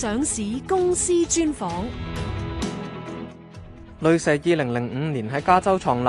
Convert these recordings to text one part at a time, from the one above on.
上市公司專訪，雷蛇二零零五年喺加州創立，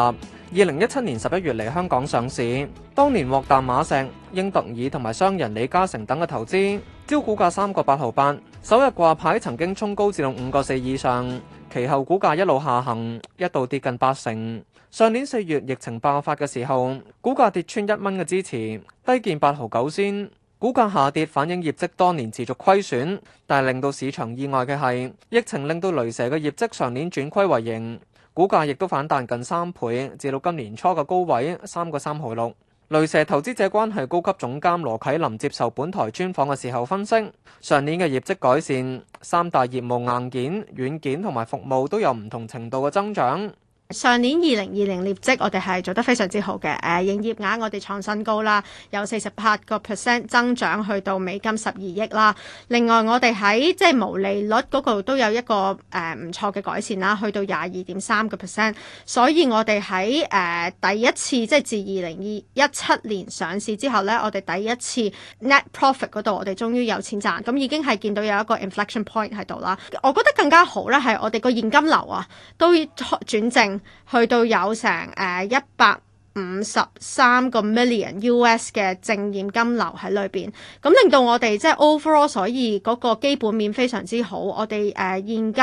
二零一七年十一月嚟香港上市。當年獲淡馬錫、英特爾同埋商人李嘉誠等嘅投資，招股價三個八毫八，首日掛牌曾經沖高至到五個四以上，其後股價一路下行，一度跌近八成。上年四月疫情爆發嘅時候，股價跌穿一蚊嘅支持，低見八毫九仙。股價下跌，反映業績多年持續虧損。但係令到市場意外嘅係，疫情令到雷蛇嘅業績上年轉虧為盈，股價亦都反彈近三倍，至到今年初嘅高位三個三毫六。雷蛇投資者關係高級總監羅啟琳接受本台專訪嘅時候分析，上年嘅業績改善，三大業務硬件、軟件同埋服務都有唔同程度嘅增長。上年二零二零業績，我哋係做得非常之好嘅。誒、啊、營業額我哋創新高啦，有四十八個 percent 增長，去到美金十二億啦。另外我哋喺即係毛利率嗰個都有一個誒唔、啊、錯嘅改善啦，去到廿二點三個 percent。所以我哋喺誒第一次即係自二零一七年上市之後咧，我哋第一次 net profit 嗰度，我哋終於有錢賺，咁已經係見到有一個 inflection point 喺度啦。我覺得更加好咧，係我哋個現金流啊，都轉正。去到有成誒一百五十三個 million US 嘅正現金流喺裏邊，咁令到我哋即係、就是、over，a l l 所以嗰個基本面非常之好。我哋誒現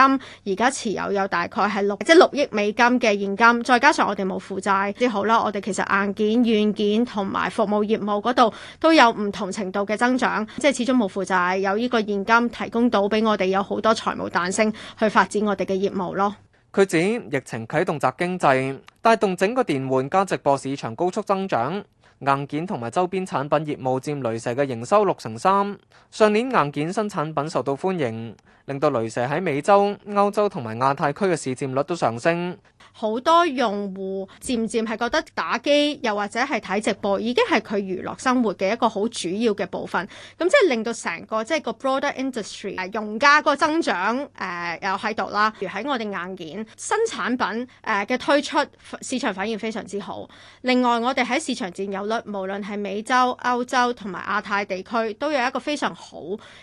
金而家持有有大概係六即係六億美金嘅現金，再加上我哋冇負債，之好啦。我哋其實硬件、軟件同埋服務業務嗰度都有唔同程度嘅增長，即、就、係、是、始終冇負債，有呢個現金提供到俾我哋有好多財務彈升去發展我哋嘅業務咯。佢指疫情啟動宅經濟，帶動整個電玩加直播市場高速增長。硬件同埋周邊產品業務佔雷蛇嘅營收六成三。上年硬件新產品受到歡迎，令到雷蛇喺美洲、歐洲同埋亞太區嘅市佔率都上升。好多用戶漸漸係覺得打機又或者係睇直播已經係佢娛樂生活嘅一個好主要嘅部分。咁即係令到成個即係、就是、個 broader industry 誒、呃、用家個增長誒又喺度啦。如喺我哋硬件新產品誒嘅推出，市場反應非常之好。另外，我哋喺市場佔有率，無論係美洲、歐洲同埋亞太地區都有一個非常好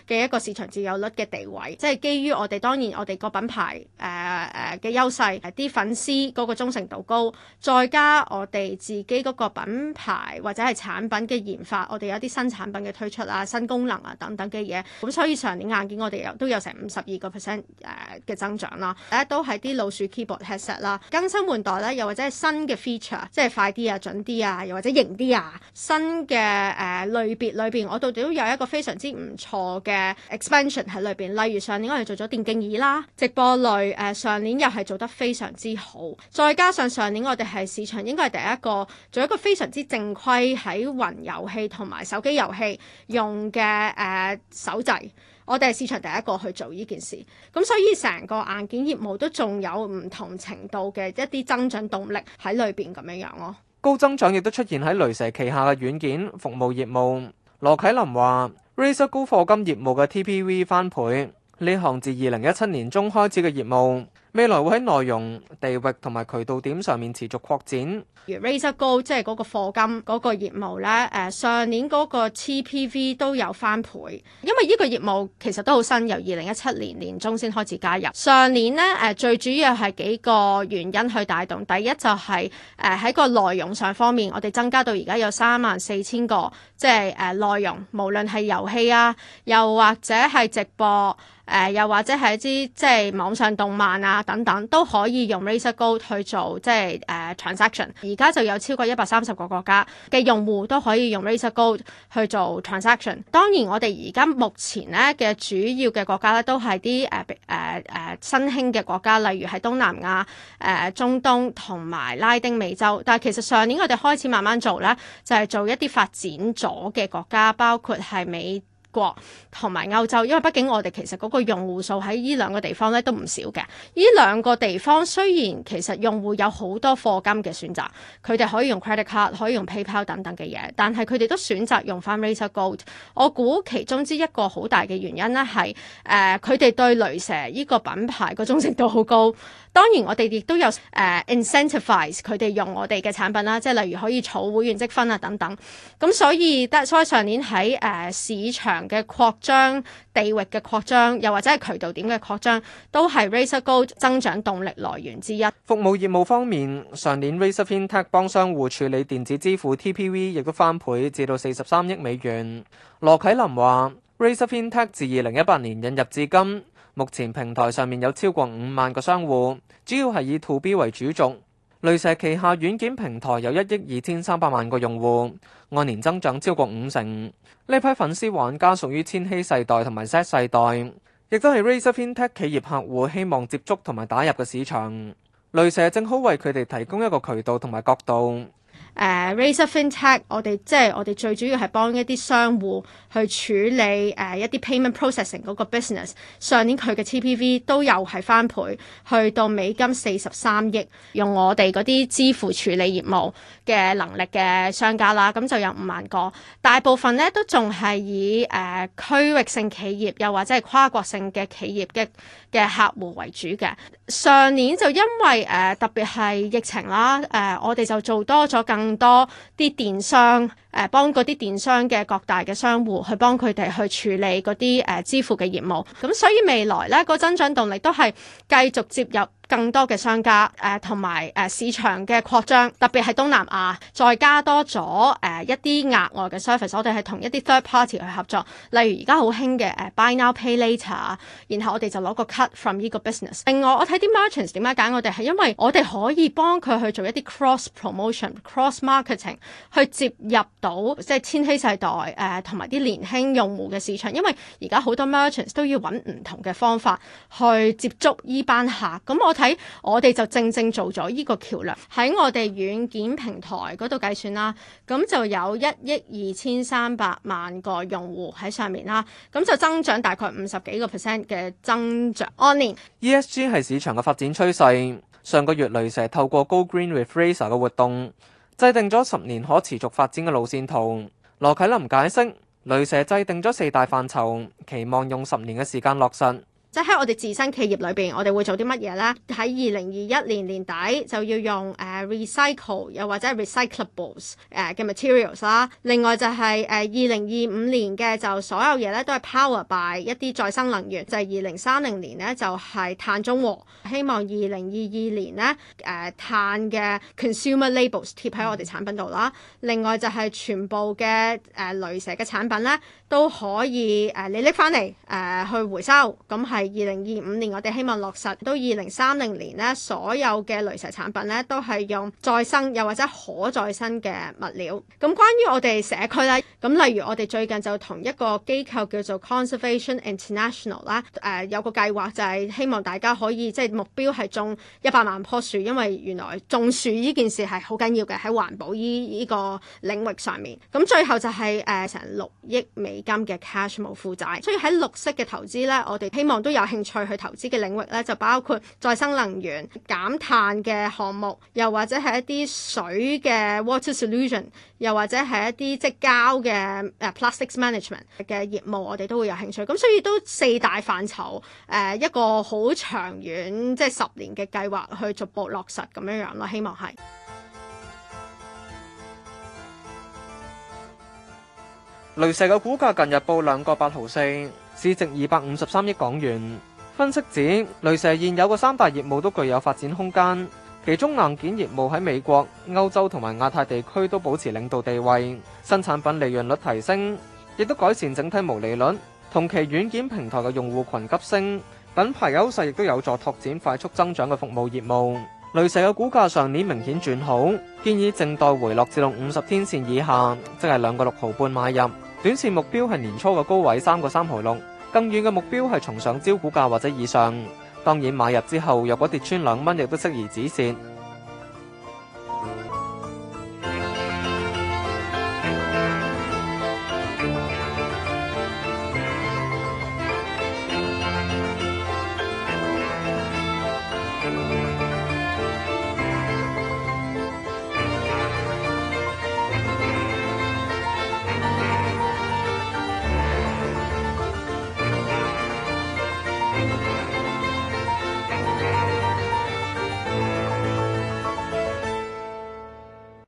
嘅一個市場佔有率嘅地位。即、就、係、是、基於我哋當然我哋個品牌誒誒嘅優勢，啲粉絲。嗰個忠誠度高，再加我哋自己嗰個品牌或者係產品嘅研發，我哋有啲新產品嘅推出啊、新功能啊等等嘅嘢，咁所以上年硬件我哋有都有成五十二個 percent 誒嘅增長啦。咧都係啲老鼠 keyboard headset 啦，更新換代咧，又或者係新嘅 feature，即係快啲啊、準啲啊，又或者型啲啊，新嘅誒類別裏邊，面我到底都有一個非常之唔錯嘅 expansion 喺裏邊。例如上年我哋做咗電競椅啦、直播類誒，上年又係做得非常之好。再加上上年，我哋係市場應該係第一個做一個非常之正規喺雲遊戲同埋手機遊戲用嘅、誒、呃、手掣，我哋係市場第一個去做呢件事，咁所以成個硬件業務都仲有唔同程度嘅一啲增長動力喺裏邊，咁樣樣、啊、咯。高增長亦都出現喺雷蛇旗下嘅軟件服務業務。羅啟琳話：雷蛇、er、高貨金業務嘅 TPV 翻倍，呢項自二零一七年中開始嘅業務。未來會喺內容、地域同埋渠道點上面持續擴展，如 Razer Gold，即係嗰個課金嗰、嗰個業務咧、呃。上年嗰個 TPV 都有翻倍，因為呢個業務其實都好新，由二零一七年年中先開始加入。上年呢誒、呃、最主要係幾個原因去帶動，第一就係誒喺個內容上方面，我哋增加到而家有三萬四千個，即係誒內容，無論係遊戲啊，又或者係直播，誒、呃、又或者係一啲即係網上動漫啊。等等都可以用 Razer Gold 去做即係誒 transaction，而家就有超過一百三十個國家嘅用戶都可以用 Razer Gold 去做 transaction。當然，我哋而家目前咧嘅主要嘅國家咧都係啲誒誒誒新興嘅國家，例如係東南亞誒、uh, 中東同埋拉丁美洲。但係其實上年我哋開始慢慢做咧，就係、是、做一啲發展咗嘅國家，包括係美。國同埋歐洲，因為畢竟我哋其實嗰個用戶數喺呢兩個地方咧都唔少嘅。呢兩個地方雖然其實用戶有好多課金嘅選擇，佢哋可以用 credit card，可以用 PayPal 等等嘅嘢，但係佢哋都選擇用翻 Razer Gold。我估其中之一個好大嘅原因咧係誒，佢哋、呃、對雷蛇呢個品牌個忠誠度好高。當然，我哋亦都有誒 incentivize 佢哋用我哋嘅產品啦，即係例如可以儲會員積分啊等等。咁所以，但係所以上年喺誒市場嘅擴張、地域嘅擴張，又或者係渠道點嘅擴張，都係 Razer Gold 增長動力來源之一。服務業務方面，上年 Razer FinTech 幫商戶處理電子支付 TPV 亦都翻倍，至到四十三億美元。羅啟琳話：Razer FinTech 自二零一八年引入至今。目前平台上面有超過五萬個商戶，主要係以 To B 為主軸。雷蛇旗下軟件平台有一億二千三百萬個用戶，按年增長超過五成。呢批粉絲玩家屬於千禧世代同埋 Z 世代，亦都係 Razer Fintech 企業客戶希望接觸同埋打入嘅市場。雷蛇正好為佢哋提供一個渠道同埋角度。誒、uh, Razer Fintech，我哋即係我哋最主要係幫一啲商戶去處理誒、uh, 一啲 payment processing 嗰個 business。上年佢嘅 TPV 都又係翻倍，去到美金四十三億，用我哋嗰啲支付處理業務嘅能力嘅商家啦，咁就有五萬個。大部分咧都仲係以誒、uh, 區域性企業又或者係跨國性嘅企業嘅嘅客戶為主嘅。上年就因為誒、uh, 特別係疫情啦，誒、uh, 我哋就做多咗。更多啲電商。誒幫嗰啲電商嘅各大嘅商戶去幫佢哋去處理嗰啲誒支付嘅業務，咁所以未來呢個增長動力都係繼續接入更多嘅商家，誒同埋誒市場嘅擴張，特別係東南亞，再加多咗誒、啊、一啲額外嘅 service。我哋係同一啲 third party 去合作，例如而家好興嘅誒 buy now pay later，然後我哋就攞個 cut from 呢個 business。另外我睇啲 merchants 點解揀我哋係因為我哋可以幫佢去做一啲 cross promotion、cross marketing 去接入。到即係千禧世代誒，同埋啲年輕用戶嘅市場，因為而家好多 merchants 都要揾唔同嘅方法去接觸呢班客。咁我睇我哋就正正做咗呢個橋梁，喺我哋軟件平台嗰度計算啦。咁就有一億二千三百萬個用戶喺上面啦。咁就增長大概五十幾個 percent 嘅增長。安年 ESG 係市場嘅發展趨勢。上個月雷蛇透過 Go Green with Razer 嘅活動。制定咗十年可持續發展嘅路線圖，羅啟琳解釋，雷蛇制定咗四大範疇，期望用十年嘅時間落實。即喺我哋自身企業裏邊，我哋會做啲乜嘢咧？喺二零二一年年底就要用誒 recycle 又或者 recyclables 誒嘅 materials 啦。另外就係誒二零二五年嘅，就所有嘢咧都係 power by 一啲再生能源。就係二零三零年咧就係碳中和。希望二零二二年咧誒碳嘅 consumer labels 貼喺我哋產品度啦。另外就係全部嘅誒雷蛇嘅產品咧都可以誒你搦翻嚟誒去回收咁係。二零二五年，我哋希望落實到二零三零年呢，所有嘅雷蛇產品咧都係用再生又或者可再生嘅物料。咁關於我哋社區咧，咁例如我哋最近就同一個機構叫做 Conservation International 啦，啊，誒有個計劃就係希望大家可以即係、就是、目標係種一百萬棵樹，因為原來種樹呢件事係好緊要嘅，喺環保依依個領域上面。咁最後就係誒成六億美金嘅 cash 無負債，所以喺綠色嘅投資咧，我哋希望。都有興趣去投資嘅領域咧，就包括再生能源、減碳嘅項目，又或者係一啲水嘅 water solution，又或者係一啲即膠嘅誒、uh, plastics management 嘅業務，我哋都會有興趣。咁所以都四大範疇，誒、呃、一個好長遠，即係十年嘅計劃去逐步落實咁樣樣咯。希望係。雷蛇嘅股價近日報兩個八毫四，市值二百五十三億港元。分析指，雷蛇現有嘅三大業務都具有發展空間，其中硬件業務喺美國、歐洲同埋亞太地區都保持領導地位。新產品利潤率提升，亦都改善整體毛利率。同期軟件平台嘅用戶群急升，品牌優勢亦都有助拓展快速增長嘅服務業務。雷蛇嘅股價上年明顯轉好，建議靜待回落至到五十天線以下，即係兩個六毫半買入。短線目標係年初嘅高位三個三毫六，更遠嘅目標係重上招股價或者以上。當然買入之後，若果跌穿兩蚊，亦都適宜止蝕。